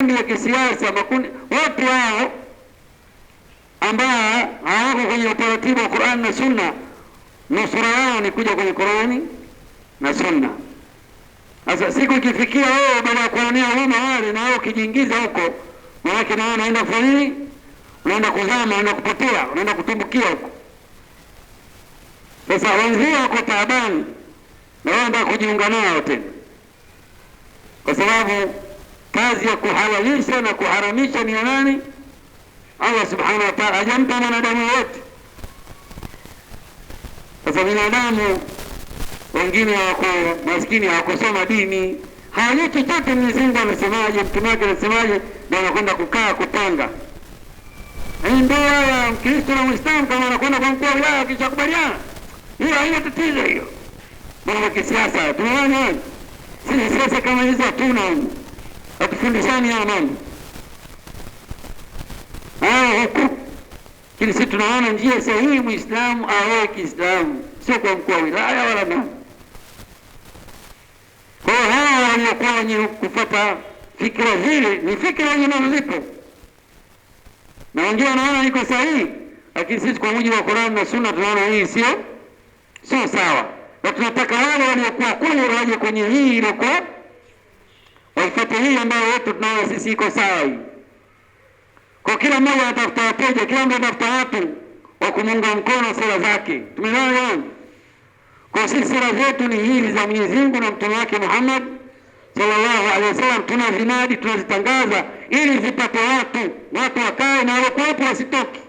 makundi ya kisiasa makundi, watu hao ambao hawako kwenye utaratibu wa Qur'an na Sunna, nusura yao ni kuja kwenye Qur'an na Sunna. Sasa siku ikifikia wewe baada ya kuonea huruma wale na wao ukijiingiza huko, maanake na unaenda kufanya nini? Unaenda kuzama, unaenda kupotea, unaenda kutumbukia huko. Sasa wenzio wako taabani na wao ndio kujiunga nao tena, kwa sababu kazi ya kuhalalisha na kuharamisha ni ya nani? Allah subhanahu wa ta'ala hajampa mwanadamu wote. Sasa binadamu wengine wako maskini, hawakosoma dini, hawajui chochote. Mwenyezi Mungu anasemaje, mtume wake anasemaje, ndio anakwenda kukaa kupanga hii ndoa ya Mkristo na Muislamu, kama anakwenda kwa mkuu wa wilaya akishakubaliana, hiyo haina tatizo. Hiyo mambo ya kisiasa tunaona, sisi siasa kama hizo hatuna huko wakifundishani haya mambo haya huku, lakini sisi tunaona njia sahihi muislamu aoe Kiislamu, sio kwa mkuu wa wilaya wala nani. Kwa hiyo hawa waliokuwa wenye kufuata fikira zile ni fikira wenye nazo na wengine wanaona iko sahihi, lakini sisi kwa mujibu wa Qur'an na Sunna tunaona hii sio sio sawa, na tunataka wale waliokuwa kule waje kwenye hii iliokuwa wakati hii ambayo watu tunayo sisi iko sawa hii, kwa kila mmoja anatafuta wateja, kila mtu anatafuta watu wa kumunga mkono sera zake. Tumeelewana? Kwa sisi sera zetu ni hizi za Mwenyezi Mungu na mtume wake Muhammad sallallahu alaihi wasallam, vinadi tunazitangaza ili zipate watu, watu wakae na walokuwepo wasitoki.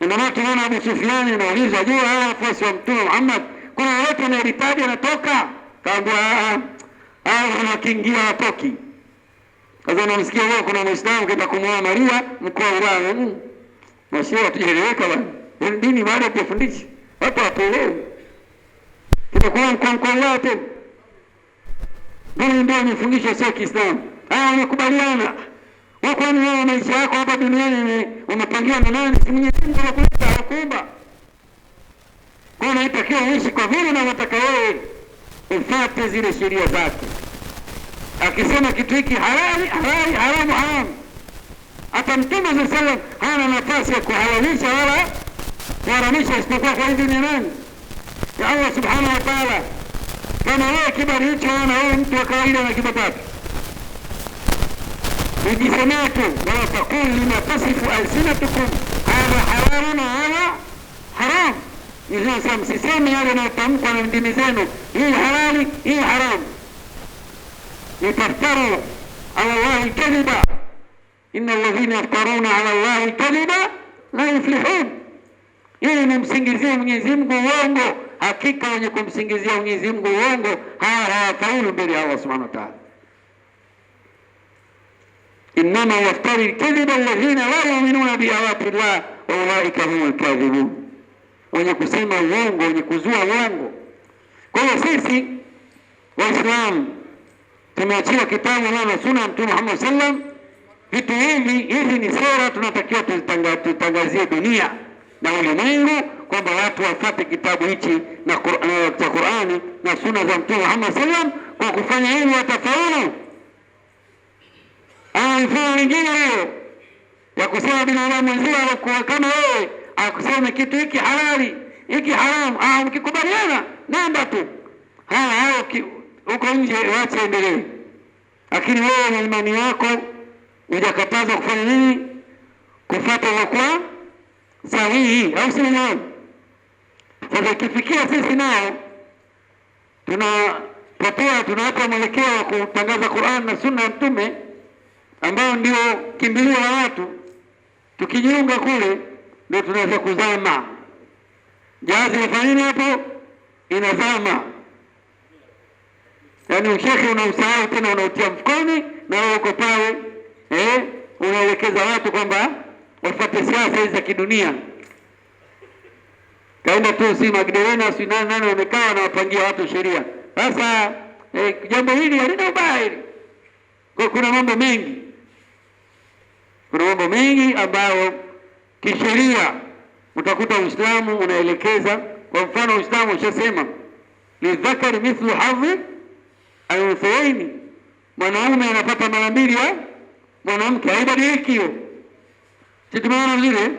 Ndio maana tunaona Abu Sufiani anaulizwa, je, hawa wafuasi wa mtume Muhammad kuna wote wanaolitaja anatoka? Kaambia ah, ah, au anakingia atoki. Sasa namsikia leo kuna Muislamu kaenda kumwoa Maria mkoa Ulaya, mm. nashio hatujaeleweka bana. Yani dini baada ya kufundisha watu watuelewe, tutakuwa mkoa mkoa Ulaya tena. Dini ndio imefundisha, sio Kiislamu. Haya, ah, wanakubaliana kwani wewe maisha yako hapa duniani ni umepangiwa na nani? Si Mwenyezi Mungu anakuita akuba kwa, unaitakiwa uishi kwa vile unavyotaka wewe, ufuate zile sheria zake. akisema kitu hiki halali halali haramu haramu. Hata Mtume sallallahu alaihi wasallam hana nafasi ya kuhalalisha wala kuharamisha isipokuwa kwa idhini ya nani? Ya Allah subhanahu wa ta'ala. Kama wewe kibali hicho hana wewe, mtu wa kawaida na kibapata ujisemee tu, wala taqul lima tasifu alsinatukum hadha halalun hadha haram. Msiseme yale yanayotamkwa na ndimi zenu, hii halali, hii haramu. yataftaru ala llahi kadhiba inna alladhina yaftaruna ala llahi kadhiba la yuflihun, yeye anamsingizia Mwenyezi Mungu uongo, hakika wenye kumsingizia Mwenyezi Mungu uongo hawa hawafaulu mbele ya Allah subhanahu wa ta'ala. Innama yaftari kadhiba alladhina la yu'minuna bi llah wa ulaika humul wenye kusema uongo, wenye kuzua uongo. Kwa hiyo sisi Waislamu tumeachia kitabu na sunna ya Mtume Muhammad sallam. Vitu hivi hivi ni sera tunatakiwa tutangazie dunia na ulimwengu kwamba watu wafuate kitabu hichi na eh, cha Qur'ani na sunna za Mtume Muhammad sallam. Kwa kufanya hivi watafaulu. Ana ah, mfano mwingine huyo ya kusema binadamu wenzio alikuwa kama wewe akusema kitu hiki halali hiki haramu, ah, mkikubaliana namba tu haya hayo huko nje wacha endelee, lakini wewe na imani yako hujakatazwa kufanya nini? Kufuata kwa sahihi, au si Nao sasa ikifikia sisi nao tunapotea, tunawapa mwelekeo wa kutangaza Qur'an na sunna ya Mtume ambao ndio kimbilio la watu. Tukijiunga kule ndio tunaweza kuzama, jahazi inafanya nini hapo? Inazama yaani ucheshi unausahau tena, unautia mfukoni na wewe uko pale eh, unaelekeza watu kwamba wafuate siasa hizi za kidunia. Kaenda tu si Magdalena si nani nani, wamekaa wanawapangia watu sheria. Sasa eh, jambo hili halina ubaya hili kwa, kuna mambo mengi, kuna mambo mengi ambayo kisheria utakuta Uislamu unaelekeza. Kwa mfano Uislamu ushasema lidhakari mithlu hadhi Ayozeeni, mwanaume anapata mara mbili ya eh? mwanamke, haibadiliki hiyo. Si tumeona vile?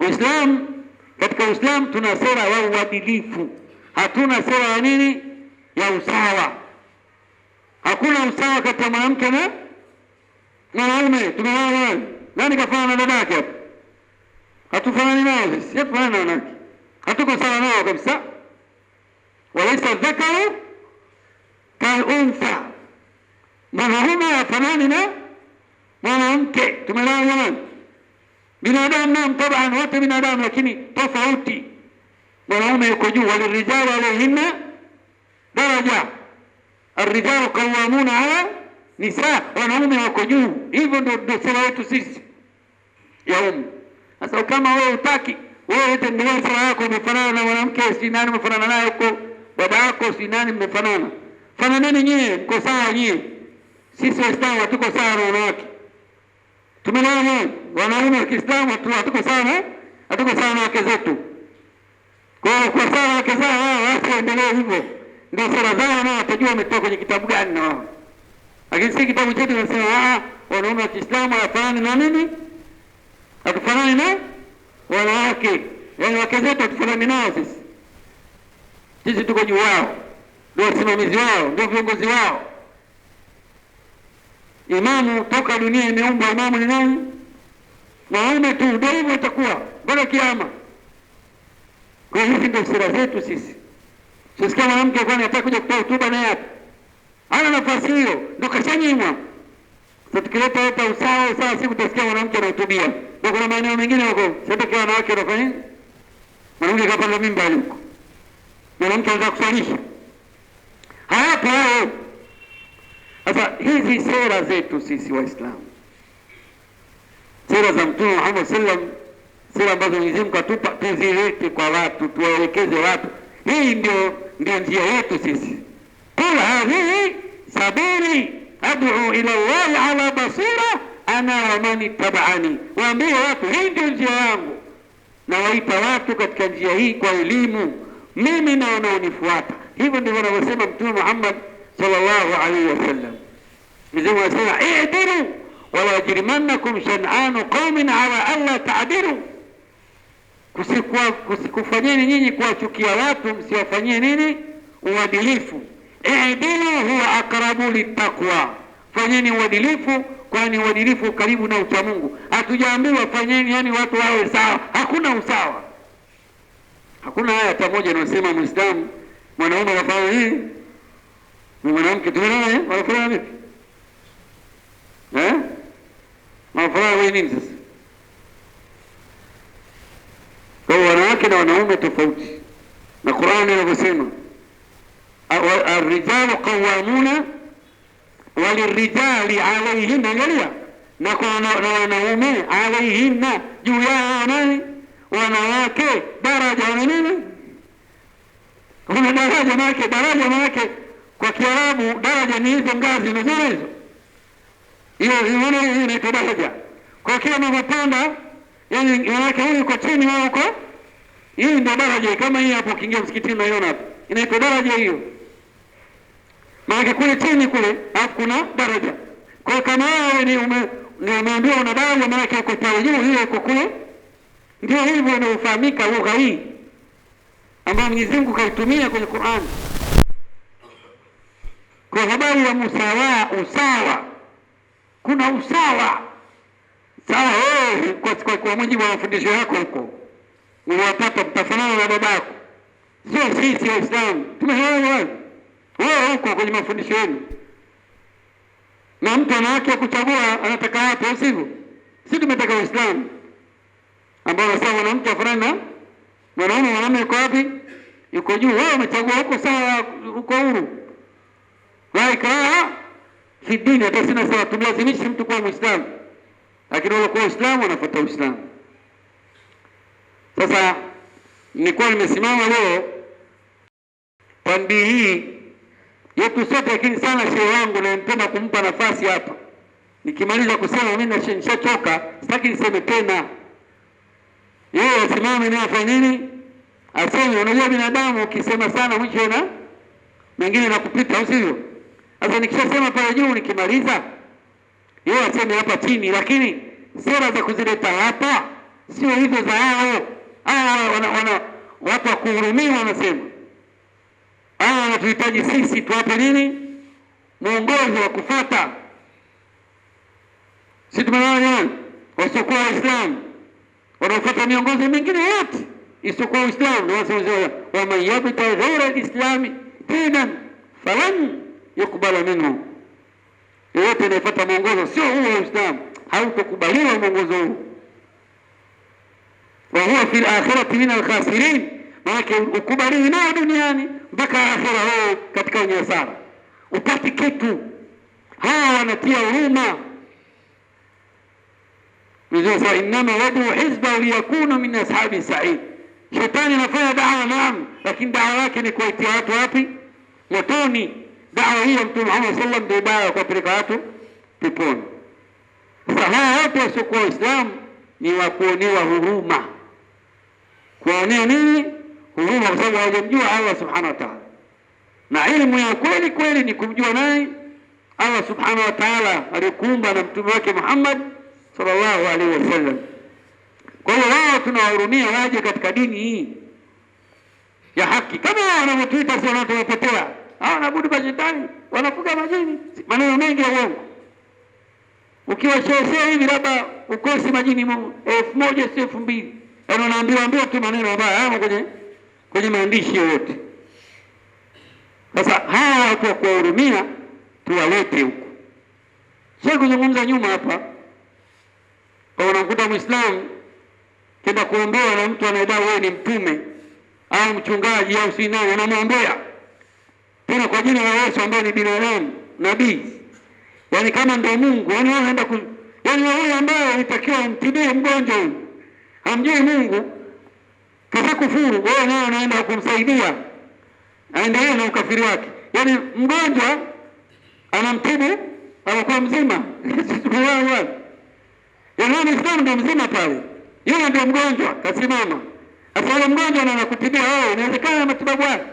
Uislamu, katika Uislamu tuna sera ya uadilifu, hatuna sera ya nini, ya usawa. Hakuna usawa kati ya mwanamke na mwanaume. Tumeona nani kafana na dadake hapo? Hatufanani nao sisi, hatufanani na wanawake, hatuko sawa nao kabisa. walaisa dhakaru unsa, mwanaume afanani na mwanamke. Tumeelewa jamani? Binadamu nam taban, wote binadamu, lakini tofauti. Mwanaume yuko juu, walirijali alayhinna daraja, arrijalu qawwamuna ala nisa, wanaume wako juu. Hivyo ndio sera yetu sisi ya umu. Sasa kama wewe utaki wewe ete yako, umefanana na mwanamke, si nani umefanana naye huko, baba yako si nani, mmefanana kama nini nyie mko sawa nyie? Sisi Waislamu hatuko sawa na wanawake. Tumelewa wanaume wa Kiislamu tu hatuko sawa na eh? hatuko sawa na wake zetu. Kwa hiyo kwa sawa wake zao wao wasi endelee hivyo. Ndio sura zao na watajua wametoka kwenye kitabu gani na wao. Lakini si kitabu chetu kinasema ah, wanaume wa Kiislamu hawafanani na nini? Hatufanani na wanawake. Yaani wake zetu hatufanani nao sisi. Sisi tuko juu wao. wasimamizi ndio viongozi wao. Imamu toka dunia imeumba, imamu ni nani? Waume tu, ndio hivyo itakuwa mbele kiama. Kwa hiyo hizi ndio sira zetu sisi. Sisikia mwanamke kwani hataki kuja kutoa hotuba naye hapa, ana nafasi hiyo, ndio kashanyimwa. Sasa tukileta hata usawa usawa, siku tu mwanamke anahutubia, ndio kuna maeneo mengine huko sasa wanawake wanafanya mwanamke kapanda mimba aliko, mwanamke anataka kusalisha hapa. Sasa hizi sera zetu sisi Waislamu, sera za Mtume Muhammad sallam, sera ambazo Mwenyezi Mungu atupa, tuzilete kwa watu, tuwaelekeze watu. Hii ndio ndio njia yetu sisi. kula hadhihi sabiri ad'u ila Allah ala basira ana wa man ittabaani, waambie watu hii ndio njia yangu, na waita watu katika njia hii kwa elimu, mimi na wanaonifuata Hivyo ndivyo anavyosema Mtume Muhammad sallallahu alaihi wasallam. Mtume anasema idiru wala yajrimannakum shan'anu qaumin ala alla ta'dilu, kusikufanyeni nyinyi kuwachukia watu msiwafanyie nini uadilifu. idiru huwa akrabu littaqwa, fanyeni uadilifu kwani uadilifu karibu na ucha Mungu. Hatujaambiwa fanyeni yani watu wawe sawa, hakuna usawa, hakuna aya hata moja inayosema Muislamu mwanaume anafanya hii na mwanamke tunaye wanafuraha vipi? Eh, wanafuraha kwa nini sasa? Kwa wanawake na wanaume tofauti, na Qur'ani inavyosema arrijalu qawwamuna walirijali alayhinna, angalia na kwa wanaume alayhinna, juu ya nani? Wanawake daraja nini kuna daraja maanake, daraja maanake kwa Kiarabu daraja ni hizo ngazi zile hizo, hiyo unaona, hiyo inaitwa daraja. Kwa kila unavyopanda, yani yake huyu uko chini, wao uko hii, ndio daraja kama hii hapo. Ukiingia msikitini unaiona hapo, inaitwa daraja hiyo, maanake kule chini kule, alafu kuna daraja. Kwa kama wewe ni ume ni umeambiwa una daraja, maanake uko pale juu, hiyo iko kule. Ndio hivyo inaofahamika lugha hii ambayo Mwenyezi Mungu kaitumia kwenye Qur'an kwa habari ya musawa, usawa. Kuna usawa sawa wewe kwa, kwa, kwa mujibu wa mafundisho yako huko uwatata mtafanana na babako, sio sisi Waislamu tumeelewa wewe huko kwenye mafundisho yenu, na mtu ana haki ya kuchagua anataka wapi, au sivyo? Si tumetaka Uislamu ambao unasema mwanamke afanane na mwanaume, mwanaume yuko wapi? yuko juu. Wewe umechagua huko, sawa, uko huru wewe, ikawa fi dini. Hata sina sawa, tumlazimishi mtu kuwa Muislamu, lakini wale kwa Uislamu wanafuata Uislamu. Sasa nilikuwa nimesimama leo tambii hii yetu sote, lakini sana shehe wangu nampenda kumpa nafasi hapa. Nikimaliza kusema mimi nishachoka, sitaki niseme tena, yeye asimame naye afanye nini Asili unajua binadamu ukisema sana mwisho na mengine kupita, au sivyo? Sasa nikishasema pale juu nikimaliza, yeye aseme hapa chini, lakini sera za kuzileta hapa sio hizo za hao. Hao wana, wana watu wakuhurumiwa kuhurumiwa wanasema. Hao wanatuhitaji sisi tuwape nini? Mwongozo wa kufuata. Sisi tumeona wasiokuwa Waislamu wanaofuata miongozo mingine yote يسوقوا اسلام نوصل ومن يبتغي غير الاسلام دينا فلن يقبل منه yeyote anayepata mwongozo sio huo wa Uislamu hautakubaliwa mwongozo huo. wa huwa fil akhirati min alkhasirin, maanake ukubaliwi nao duniani mpaka akhira wao katika wenye hasara, upati kitu. Hawa wanatia huruma Mwenyezi Mungu, innama yadu hizbahu liyakunu min ashabi said Shetani anafanya dawa naam, lakini dawa yake ni kuwaitia watu wapi? Motoni. Dawa hiyo Mtume Muhammad sallallahu alaihi ndio dawa ya kuwapeleka watu peponi. Sasa hawa wote wasiokuwa Waislamu ni wa kuonewa huruma, kuwaonea nini? Huruma, kwa sababu hawajamjua Allah subhanahu wa taala, na ilmu ya kweli kweli ni kumjua naye Allah subhanahu wa taala aliyokuumba na mtume wake Muhammad sallallahu alaihi wasallam. Kwa hiyo wao tunawahurumia waje katika dini hii ya haki, kama wanavyotuita si wanatumepotea hawa, wanabudu mashetani, wanafuga majini, maneno mengi ya uongo. Ukiwasheshea hivi labda ukosi majini elfu moja si elfu mbili yaani wanaambiwa ambiwa tu maneno ambayo hayamo kwenye kwenye maandishi yoyote. Sasa hawa watu wa kuwahurumia tuwalete huku. Sio kuzungumza nyuma hapa, kwa unakuta Muislamu Kenda kuombewa na mtu anayedai wewe ni mtume au mchungaji au si nani, anamwombea tena kwa jina la Yesu ambaye ni binadamu nabii, yaani kama ndio Mungu. Yaani wewe unaenda ku, yaani wewe ambaye unatakiwa mtibie mgonjwa huyu hamjui Mungu, kisha kufuru wewe, naye unaenda kumsaidia aendelee na ukafiri wake. Yaani mgonjwa anamtibu anakuwa mzima. Yaani Uislamu ndio mzima pale yeye ndio mgonjwa kasimama, asaule mgonjwa na nakutibia wewe, inawezekana matibabu yake